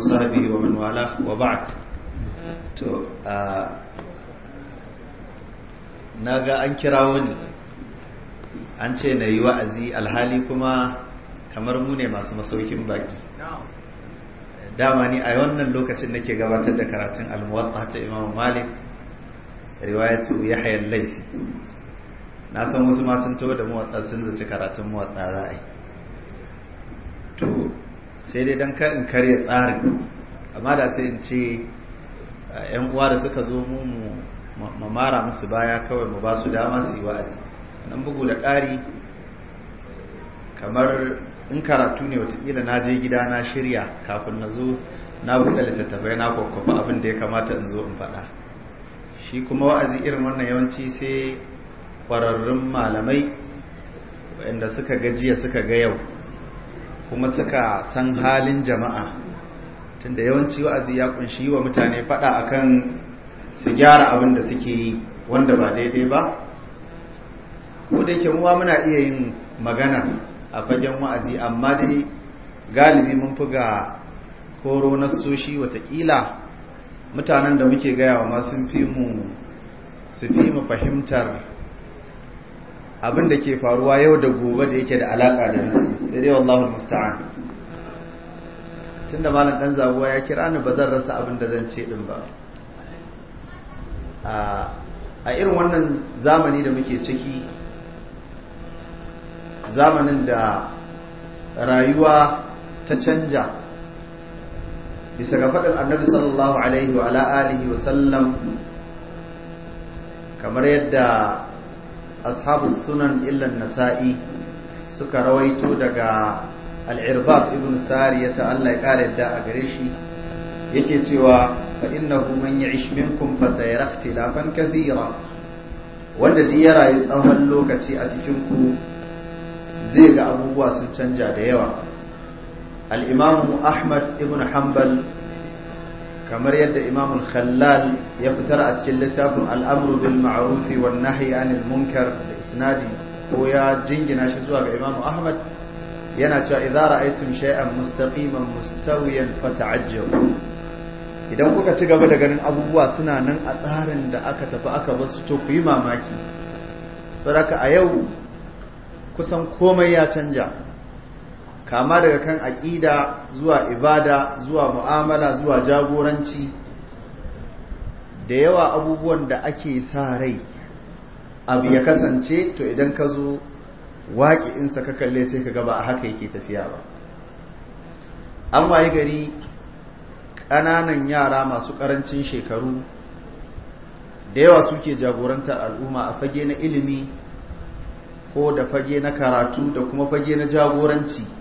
وصحبه ومن والاه وبعد to na ga an kira wani an ce na yi wa'azi alhali kuma kamar mu ne masu masaukin baki dama ni a wannan lokacin nake gabatar da karatun almuwatta ta imam malik riwayatu ya hayar laifi na san wasu ma sun da muwatta sun zaci karatun muwatta ra'ayi sai dai don in karya tsarin amma da sai in ce eh, yan uwa da suka zo mu mamara mara musu baya kawai mu ba su dama su yi wa'azi nan bugu da ƙari kamar in karatu ne watakila na je gida na shirya kafin na zo na buɗe littattafai na kwakwafa abin da ya kamata in zo in faɗa shi kuma wa'azi irin wannan yawanci sai kwararrun malamai waɗanda suka gajiya suka ga yau kuma suka san halin jama'a tunda yawanci wa'azi ya kunshi wa mutane fada akan su gyara abin da suke yi wanda ba daidai ba ko da yake muwa muna iya yin magana a fagen wa'azi amma dai galibi mun fi ga koro na soshi watakila mutanen da muke gaya wa masu fi mu fi mu fahimtar abin da ke faruwa yau da gobe da yake da alaka da rizki sai dai wallahi musta'an tunda malam dan zabuwa ya kira ni ba zan rasa abin da zan ce din ba a irin wannan zamani da muke ciki zamanin da rayuwa ta canja bisa ga faɗin annabi sallallahu alaihi wa alihi wa sallam kamar yadda ashabu sunan illan nasa'i suka rawaito daga al'irbab ibn sariya ta Allah ya ƙara yadda a gare shi yake cewa fa innahu man ya'ish minkum fa sayara ikhtilafan kathira wanda duk ya rayu tsawon lokaci a cikin ku zai ga abubuwa sun canja da yawa al-imamu ahmad ibn hanbal kamar yadda imamul khallal ya fitar a cikin littafin al'amru bil ma'rufi wa nahyi anil munkar da isnadi ko ya jingina shi zuwa ga imamu ahmad yana cewa idza ra'aytum shay'an mustaqiman mustawiyan fata'ajjabu idan kuka ci gaba da ganin abubuwa suna nan a tsarin da aka tafi aka basu to ku yi mamaki saboda a yau kusan komai ya canja kama daga kan aƙida zuwa ibada zuwa mu'amala zuwa jagoranci da yawa abubuwan da ake sa rai abu ya kasance to idan ka zo waƙi insa ka kalle sai ka gaba a haka yake tafiya ba an waye gari ƙananan yara masu ƙarancin shekaru da yawa suke jagorantar al'umma a fage na ilimi ko da fage na karatu da kuma fage na jagoranci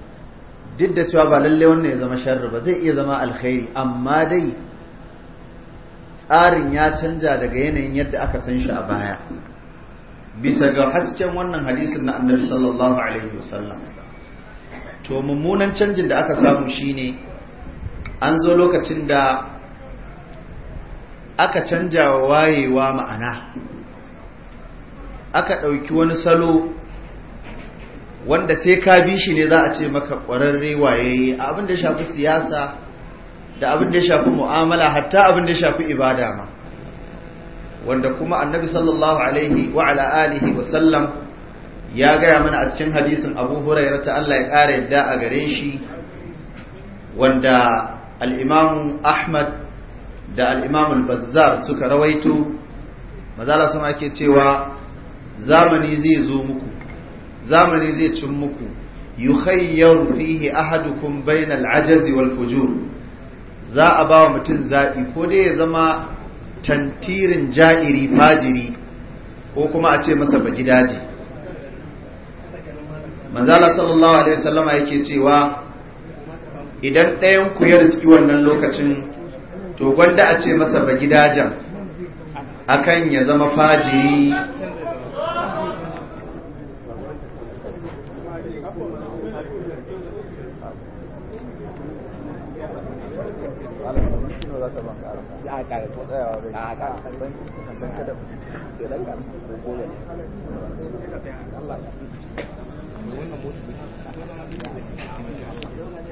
duk da cewa ba lalle wannan ya zama sharri ba zai iya zama alkhairi amma dai tsarin ya canja daga yanayin yadda aka san shi a baya bisa ga hasken wannan hadisin na annabi sallallahu alaihi wasallam to mummunan canjin da aka samu shine an zo lokacin da aka canja wa wayewa ma'ana aka ɗauki wani salo wanda sai ka bi shi ne za a ce maka ƙwararre waye a abin da shafi siyasa da abin da shafi mu'amala hatta abin da shafi ibada ma wanda kuma annabi sallallahu alaihi wa ala alihi wa sallam ya gaya mana a cikin hadisin abu huraira ta Allah ya ƙara yadda a gare shi wanda al ahmad da al al-bazzar suka rawaito mazala ma ake cewa zamani zai zo muku zamani zai cin muku yukhayyaru fihi ahadukum bainal ajazi wal fujur za a ba wa mutum zaɓi ko dai ya zama tantirin ja'iri fajiri ko kuma a ce masa ba gidaje manzala sallallahu alaihi wasallama yake cewa idan ɗayan ku ya riski wannan lokacin to gwanda a ce masa ba gidajen akan ya zama fajiri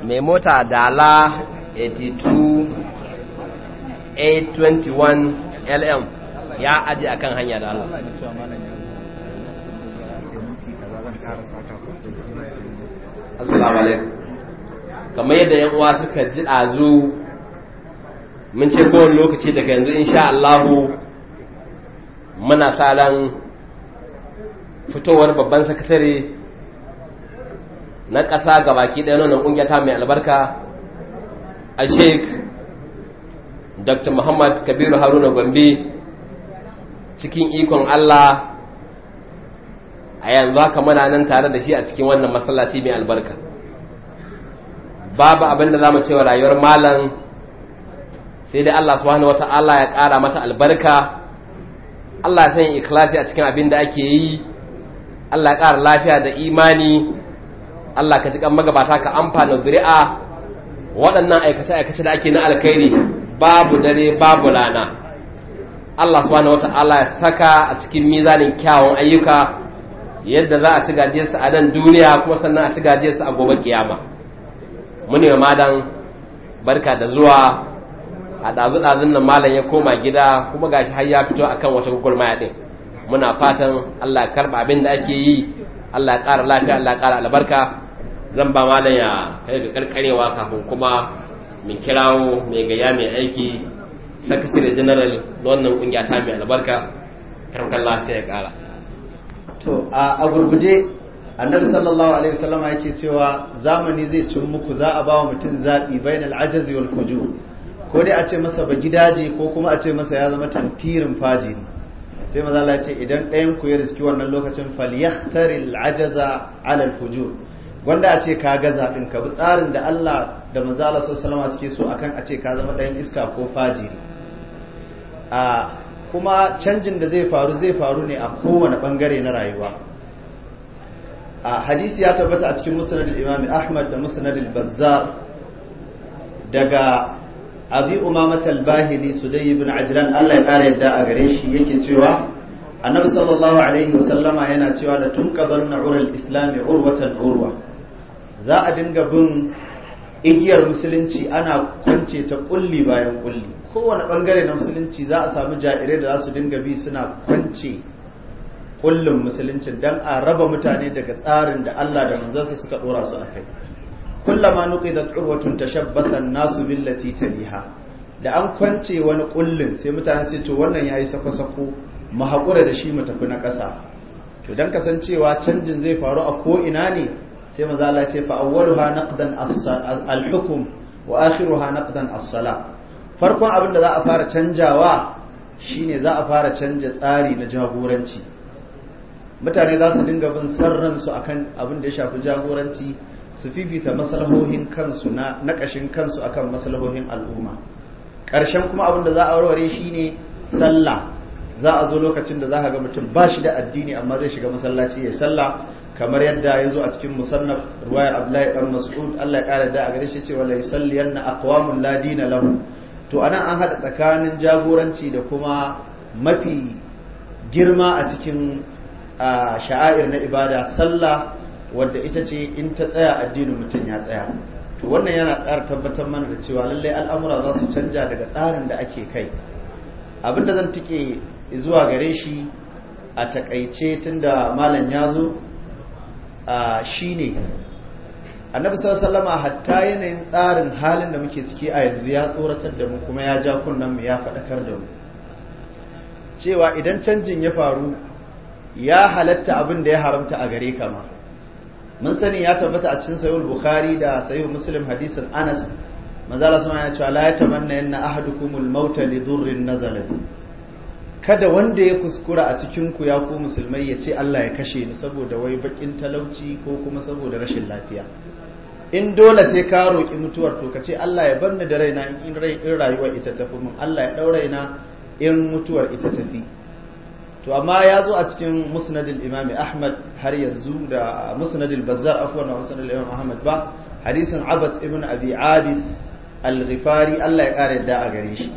Memota dala 82 821 lm ya aji akan hanya da Allah assalamu alaikum kamar yadda yan uwa suka ji ɗazu mun ce kowane lokaci daga yanzu insha Allahu muna sa fitowar babban sakatare na ƙasa ga baki ɗaya nan ƙungiyata mai albarka a sheikh dr muhammad kabiru haruna gombe cikin ikon allah a yanzu haka muna nan tare da shi a cikin wannan masallaci mai albarka babu abin da zamu cewa rayuwar malam sai dai Allah subhanahu wata'ala ya ƙara mata albarka Allah ya sanya ikhlasi a cikin abin da ake yi Allah ya ƙara lafiya da imani Allah ka jikan magabata ka amfana zuri'a waɗannan aikace-aikace da ake na alkhairi babu dare babu rana Allah subhanahu wata'ala ya saka a cikin mizanin kyawun ayyuka yadda za a ci gajiyarsa a nan duniya kuma sannan a ci gajiyarsa a gobe kiyama muni ma dan barka da zuwa a ɗazu dazun nan malam ya koma gida kuma gashi har ya fito akan wata gwagwarmaya din muna fatan allah ya karɓa abin da ake yi allah ya ƙara lafiya allah ya ƙara albarka zan ba malam ya kai da karkarewa kafin kuma min kirawo mai gaya mai aiki sakatare general na wannan kungiya ta mai albarka karkar lafiya ya ƙara to a gurguje annabi sallallahu alaihi wasallam yake cewa zamani zai cin muku za a bawa mutum zabi bainal ajazi wal fujur ko dai a ce masa ba gidaje ko kuma a ce masa ya zama tantirin faji sai maza Allah ce idan ɗayan ku ya riski wannan lokacin falyahtaril ajaza ala al fujur wanda a ce ka ga zabin ka bi tsarin da Allah da manzo Allah sallallahu alaihi wasallam suke so akan a ce ka zama ɗayan iska ko fajiri a kuma canjin da zai faru zai faru ne a kowane bangare na rayuwa a hadisi ya tabbata a cikin musnad al-imam ahmad da musnad al-bazzar daga abi umamat al-bahili sudai ibn ajlan Allah ya kare yadda a gare shi yake cewa annabi sallallahu alaihi wasallama yana cewa da tunqadanna ural islami urwatan urwa za a dinga bin igiyar musulunci ana kwance ta kulli bayan kulli kowane bangare na musulunci za a samu jairai da za su dinga bi suna kwance kullum musulunci don a raba mutane daga tsarin da Allah da manzansa suka dora su a kai kullama nuqidat urwatun tashabbata an-nasu billati taliha da an kwance wani kullun sai mutane sai to wannan yayi sako-sako mu haƙura da shi mu tafi na ƙasa to dan kasancewa canjin zai faru a ko ina ne sai manzo Allah ce fa awwaluha naqdan al-hukm wa akhiruha naqdan as sala. farkon abin da za a fara canjawa shine za a fara canja tsari na jagoranci mutane za su dinga bin sarran su akan abin da ya shafi jagoranci su fifita maslahohin kansu na kashin kansu akan maslahohin al'umma ƙarshen kuma abin da za a warware shi ne sallah za a zo lokacin da za a ga mutum ba shi da addini amma zai shiga masallaci ya sallah kamar yadda ya zo a cikin musannaf ruwayar abdullahi dan mas'ud Allah ya kara da a gare shi cewa la yusalliyanna aqwamun la dina to anan an haɗa tsakanin jagoranci da kuma mafi girma a cikin sha'air na ibada sallah wadda ita ce in ta tsaya addinin mutum ya tsaya to wannan yana ƙara tabbatar mana da cewa lallai al'amura za su canja daga tsarin da ake kai abin da zan tike zuwa gare shi a takaice tunda malam ya zo shine annabi sallallahu hatta yanayin tsarin halin da muke ciki a yanzu ya tsoratar da mu kuma ya ja kunnen mu ya faɗakar da mu cewa idan canjin ya faru ya halatta abin da ya haramta a gare kama, mun sani ya tabbata a cikin sahih bukhari da sahih muslim hadisin anas manzo Allah ya wa ta'ala ya tamanna yanna ahadukumul mauta li dhurrin nazala kada wanda ya kuskura a cikin ku ya ku musulmai ya ce Allah ya kashe ni saboda wai bakin talauci ko kuma saboda rashin lafiya in dole sai ka roƙi mutuwar to ka ce Allah ya bar ni da raina in rayuwar ita ta fi mun Allah ya ɗau raina in mutuwar ita ta fi to amma ya zo a cikin musnadil imami ahmad har yanzu da musnadil bazzar afwan wa musnadil imam ahmad ba hadisin abbas ibn abi abis al-ghifari Allah ya ƙara yadda a gare shi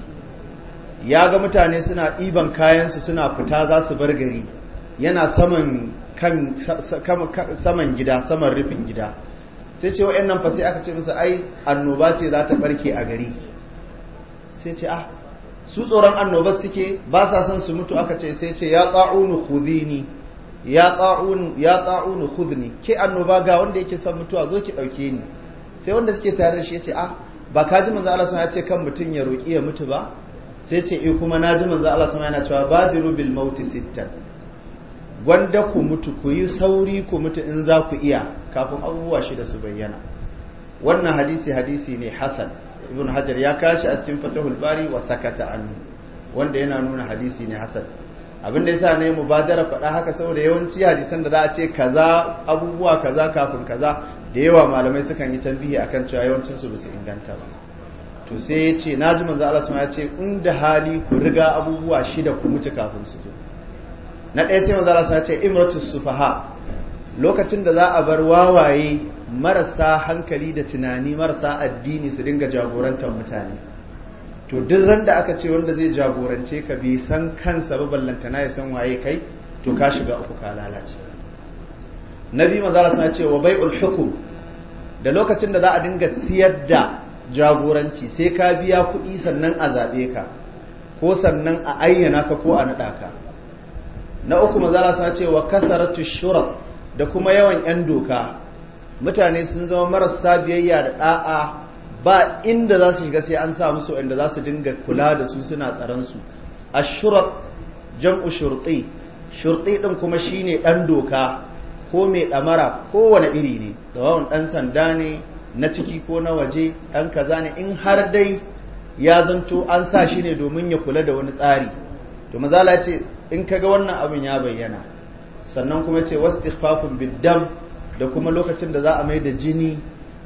ya ga mutane suna ɗiban kayansu suna fita za su bar gari yana saman kan saman gida saman rufin gida sai ce wa'annan fa sai aka ce musu ai annoba ce za ta barke a gari sai ce ah su tsoron annoba suke ba sa son su mutu aka ce sai ce ya tsa'unu khudini ya tsa'unu ya tsa'unu khudni ke annoba ga wanda yake son mutuwa zo ki dauke ni sai wanda suke tare da shi ya ce ah ba ka ji manzo Allah sun ya ce kan mutun ya roki ya mutu ba sai ce eh kuma na ji manzo Allah sama yana cewa badiru bil mauti sittan gwanda ku mutu ku yi sauri ku mutu in za ku iya kafin abubuwa shida su bayyana wannan hadisi hadisi ne hasan ibn hajar ya kashi a cikin fatahul bari wa sakata anhu wanda yana nuna hadisi ne hasan abin da yasa ne mubadara faɗa haka saboda yawanci hadisan da za a ce kaza abubuwa kaza kafin kaza da yawa malamai sukan yi tambihi akan cewa yawancin su bisa inganta ba to sai ya ce na ji manzo Allah ya ce inda hali ku riga abubuwa shida ku mutu kafin su zo na ɗaya sai manzo Allah ya ce imratu sufaha lokacin da za a bar wawaye marasa hankali da tunani marasa addini su dinga jagorantar mutane to duk ran da aka ce wanda zai jagorance ka bai san kansa ba na ya san waye kai to ka shiga uku ka lalace nabi manzo Allah ya ce wa bai'ul hukm da lokacin da za a dinga siyar da jagoranci sai ka biya kuɗi sannan a zaɓe ka ko sannan a ayyana ka ko a naɗa ka na uku sa suna wa kasaratu shurat da kuma yawan 'yan doka mutane sun zama marasa biyayya da ɗa'a ba inda za su shiga sai an sa musu inda za su dinga kula da su suna tsaransu a shurat jam'u shurɗi shurti ɗin kuma shine ɗan doka ko mai ɗamara ko kowane iri ne da ɗan sanda ne na ciki ko na waje ɗan kaza ne in har dai ya zanto an sa shi ne domin ya kula da wani tsari to mazala ce in kaga wannan abin ya bayyana sannan kuma ce wasu tifafin biddam da kuma lokacin da za a mai da jini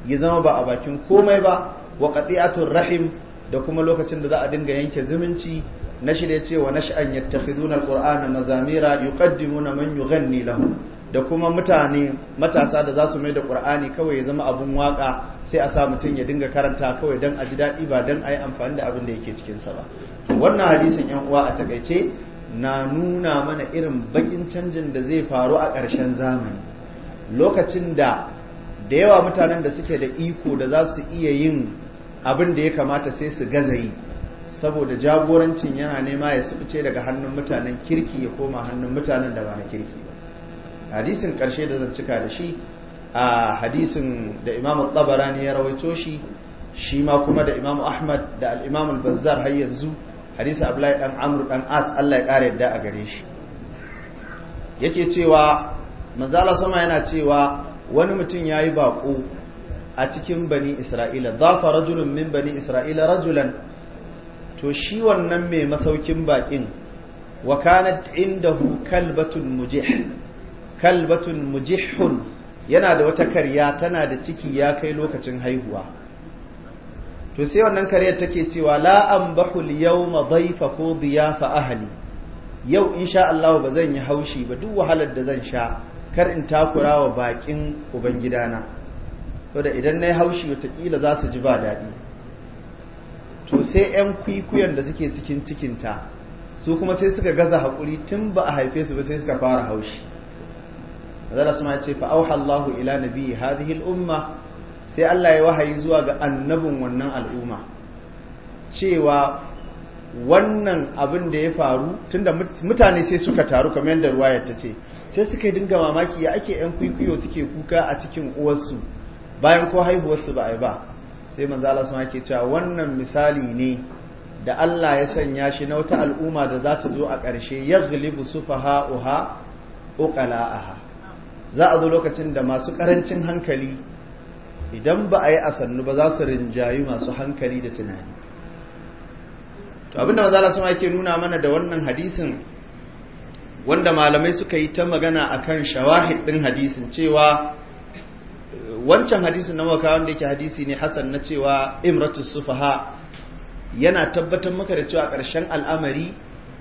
ya zama ba a bakin komai ba wa qati'atur rahim da kuma lokacin da za a dinga yanke zumunci na shi shirye cewa na yattakhiduna alqur'ana mazamira na man ganni lahu. da kuma mutane matasa da za su mai da ƙur'ani kawai ya zama abun waka sai a sa mutum ya dinga karanta kawai don a ji daɗi ba don a yi amfani da abin da yake cikinsa ba wannan hadisin yan uwa a takaice na nuna mana irin bakin canjin da zai faru a ƙarshen zamani lokacin da da yawa mutanen da suke da iko da za su iya yin abin da ya kamata sai su gaza yi saboda jagorancin yana nema ya sufice daga hannun mutanen kirki ya koma hannun mutanen da ba na kirki ba hadisin ƙarshe da zan cika da shi a hadisin da imamu ne ya rawaito shi shi ma kuma da imamu ahmad da al'imamu bazzar har yanzu hadisi ablai dan amur ɗan as allah ya ƙara yadda a gare shi yake cewa manzala sama yana cewa wani mutum ya yi baƙo a cikin bani isra'ila za zafa rajulun min bani isra'ila rajulan to shi wannan mai masaukin baƙin wa kanat hukal kalbatun mujih kalbatun mujihun yana da wata karya tana da ciki ya kai lokacin haihuwa to sai wannan karyar take cewa la anbahu yawma dhayfa ko diyafa ahli yau insha Allah ba zan yi haushi ba duk wahalar da zan sha kar in takura wa bakin ubangidana to da idan nayi haushi watakila za su ji ba daɗi to sai 'yan kwikwiyon da suke cikin cikinta su kuma sai suka gaza haƙuri tun ba a haife su ba sai suka fara haushi zara suna ya ce fa auha Allahu ila nabiyyi hadhihi al-umma sai Allah ya wahayi zuwa ga annabin wannan al'umma cewa wannan abin da ya faru tunda mutane sai suka taru kamar yadda ruwayar ta ce sai suka dinga mamaki ya ake yan kwikwiyo suke kuka a cikin uwarsu bayan ko haihuwarsu ba a ba sai manzo Allah suna ke cewa wannan misali ne da Allah ya sanya shi na wata al'umma da za ta zo a ƙarshe sufaha uha uqala'aha za a zo lokacin da masu karancin hankali idan ba a yi a sannu ba za su rinjayi masu hankali da tunani to abinda na sama yake nuna mana da wannan hadisin wanda malamai suka yi ta magana a kan shawahid ɗin hadisin cewa wancan hadisin na waka wanda yake hadisi ne hasan na cewa imratus sufaha yana tabbatar maka da cewa ƙarshen al'amari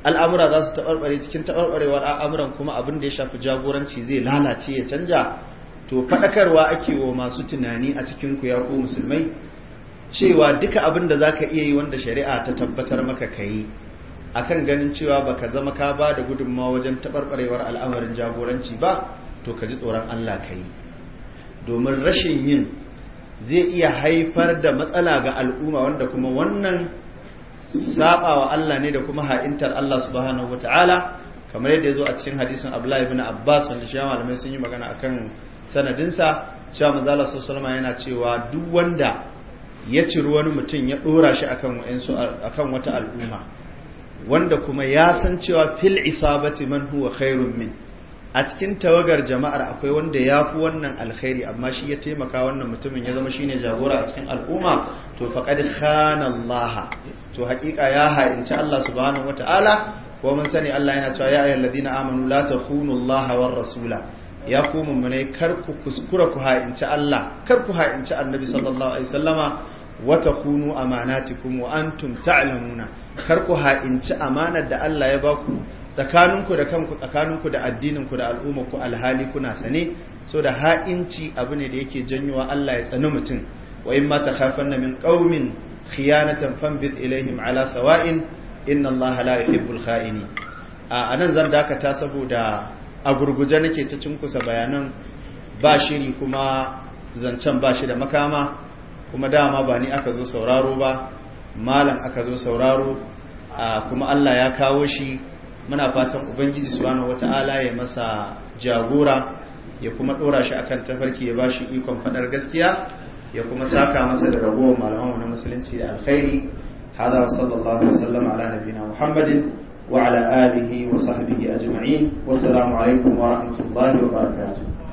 al'amura za su taɓarɓare cikin taɓarɓarewar al'amuran kuma abin da ya shafi jagoranci zai lalace ya canja to faɗakarwa ake wa masu tunani a cikin ku ya musulmai cewa duka abin da zaka iya yi wanda shari'a ta tabbatar maka ka yi akan ganin cewa baka zama ka ba da gudunmawa wajen taɓarɓarewar al'amarin jagoranci ba to ka ji tsoron Allah ka yi domin rashin yin zai iya haifar da matsala ga al'umma wanda kuma wannan saba wa Allah ne da kuma ha'intar Allah subhanahu ta'ala kamar yadda ya zo a cikin hadisin Abdullah ibn Abbas wanda shi malamai sun yi magana akan sanadinsa cewa manzo Allah sallallahu yana cewa duk wanda ya ciri wani mutum ya dora shi akan wayansu akan wata al'umma wanda kuma ya san cewa fil isabati man huwa khairun min a cikin tawagar jama'ar akwai wanda ya fi wannan alkhairi amma shi ya taimaka wannan mutumin ya zama shine jagora a cikin al'umma to faqad khana Allah to haƙiƙa ya ha'inci Allah subhanahu wata'ala ko mun sani Allah yana cewa ya ayyuhal ladina amanu la takhunu Allah war rasula ya ku mummune kar ku kuskura ku ha'inci Allah kar ku ha'inci Annabi sallallahu alaihi wasallama wa takunu amanatikum wa antum ta'lamuna kar ku ha'inci amanar da Allah ya baku tsakaninku da kanku tsakaninku da addininku da al'umma ku alhali kuna sane so da ha'inci abu ne da yake janyowa Allah ya tsani mutum wa in ma takhafanna min qaumin khiyanatan fanbid ilaihim ala sawa'in inna Allah la yuhibbul kha'ini a anan zan dakata saboda a gurguje nake ta kusa bayanan ba shiri kuma zancen ba shi da makama kuma dama ba ni aka zo sauraro ba malam aka zo sauraro kuma Allah ya kawo shi muna fatan ubangiji subhanahu wata'ala ya masa jagora ya kuma dora shi akan tafarki ya ba shi ikon fadar gaskiya ya kuma saka masa da ragowar malaman na musulunci da alkhairi hada wa sallallahu alaihi wasallam ala nabiyina muhammadin wa ala alihi wa sahbihi ajma'in wassalamu alaikum wa rahmatullahi wa barakatuh